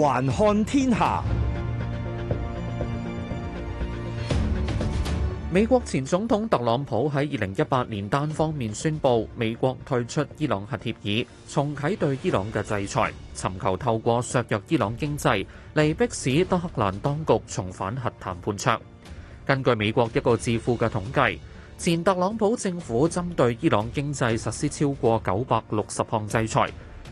環看天下。美國前總統特朗普喺二零一八年單方面宣布美國退出伊朗核協議，重啟對伊朗嘅制裁，尋求透過削弱伊朗經濟嚟迫使德黑蘭當局重返核談判桌。根據美國一個智庫嘅統計，前特朗普政府針對伊朗經濟實施超過九百六十項制裁。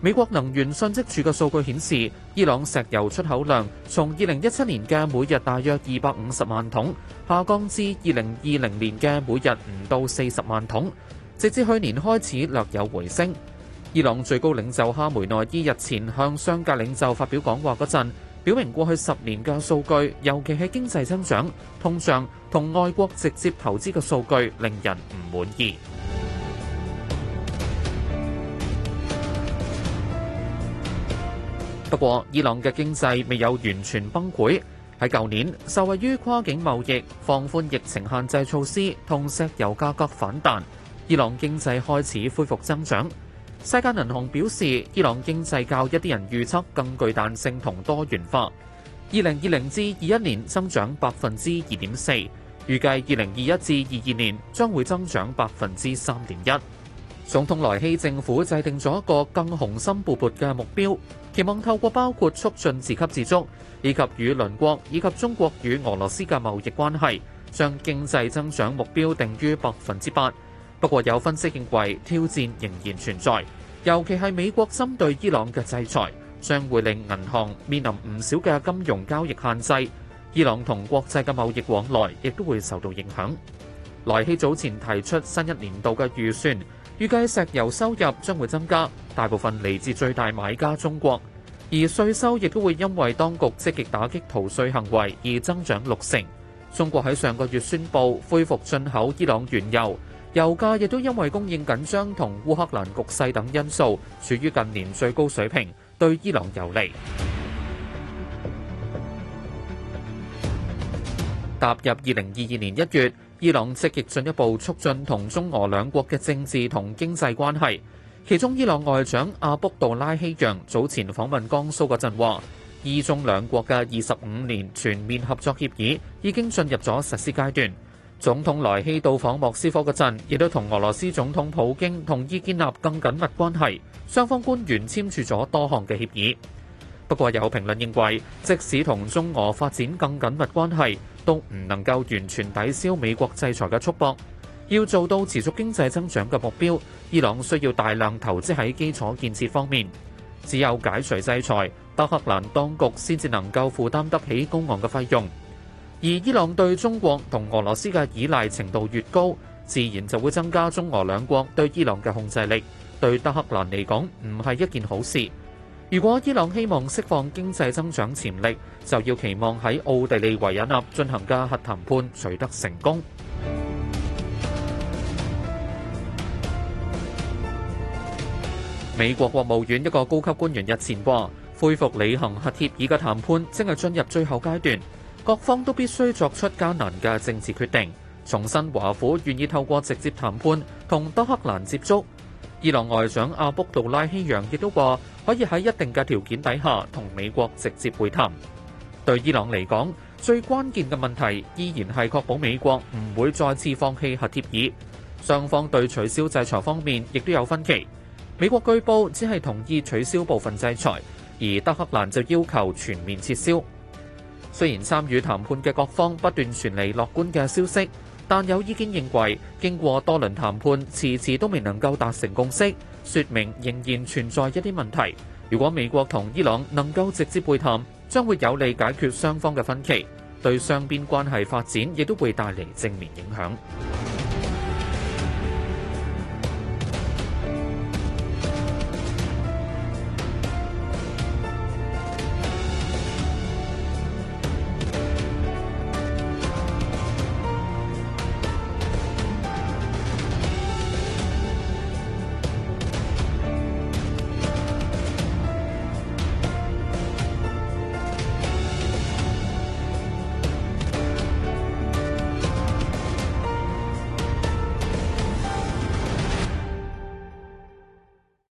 美國能源信息署嘅數據顯示，伊朗石油出口量從二零一七年嘅每日大約二百五十萬桶，下降至二零二零年嘅每日唔到四十萬桶，直至去年開始略有回升。伊朗最高領袖哈梅內伊日前向商界領袖發表講話嗰陣，表明過去十年嘅數據，尤其係經濟增長、通脹同外國直接投資嘅數據，令人唔滿意。不過，伊朗嘅經濟未有完全崩潰。喺舊年，受惠於跨境貿易、放寬疫情限制措施同石油價格反彈，伊朗經濟開始恢復增長。世界銀行表示，伊朗經濟較一啲人預測更具彈性同多元化。二零二零至二一年增長百分之二點四，預計二零二一至二二年將會增長百分之三點一。總統萊希政府制定咗一個更雄心勃勃嘅目標，期望透過包括促進自給自足，以及與鄰國以及中國與俄羅斯嘅貿易關係，將經濟增長目標定於百分之八。不過，有分析認為挑戰仍然存在，尤其係美國針對伊朗嘅制裁，將會令銀行面臨唔少嘅金融交易限制，伊朗同國際嘅貿易往來亦都會受到影響。萊希早前提出新一年度嘅預算。預計石油收入將會增加，大部分嚟自最大買家中國，而稅收亦都會因為當局積極打擊逃稅行為而增長六成。中國喺上個月宣布恢復進口伊朗原油，油價亦都因為供應緊張同烏克蘭局勢等因素，處於近年最高水平，對伊朗有利。踏入二零二二年一月，伊朗積極進一步促進同中俄兩國嘅政治同經濟關係，其中伊朗外長阿卜杜拉希揚早前訪問江蘇嗰陣話，伊中兩國嘅二十五年全面合作協議已經進入咗實施階段。總統萊希到訪莫斯科嗰陣，亦都同俄羅斯總統普京同意建立更緊密關係，雙方官員簽署咗多項嘅協議。不過有評論認為，即使同中俄發展更緊密關係，都唔能夠完全抵消美國制裁嘅束縛，要做到持續經濟增長嘅目標，伊朗需要大量投資喺基礎建設方面。只有解除制裁，德黑蘭當局先至能夠負擔得起高昂嘅費用。而伊朗對中國同俄羅斯嘅依賴程度越高，自然就會增加中俄兩國對伊朗嘅控制力，對德黑蘭嚟講唔係一件好事。如果伊朗希望釋放經濟增長潛力，就要期望喺奧地利維也納進行嘅核談判取得成功。 美國國務院一個高級官員日前話，恢復履行核協議嘅談判正係進入最後階段，各方都必須作出艱難嘅政治決定。重申華府願意透過直接談判同德黑蘭接觸。伊朗外長阿卜杜拉希揚亦都話，可以喺一定嘅條件底下同美國直接會談。對伊朗嚟講，最關鍵嘅問題依然係確保美國唔會再次放棄核協議。雙方對取消制裁方面亦都有分歧。美國據報只係同意取消部分制裁，而德黑蘭就要求全面撤銷。雖然參與談判嘅各方不斷傳嚟樂觀嘅消息。但有意見認為，經過多輪談判，遲遲都未能夠達成共識，說明仍然存在一啲問題。如果美國同伊朗能夠直接會談，將會有利解決雙方嘅分歧，對雙邊關係發展亦都會帶嚟正面影響。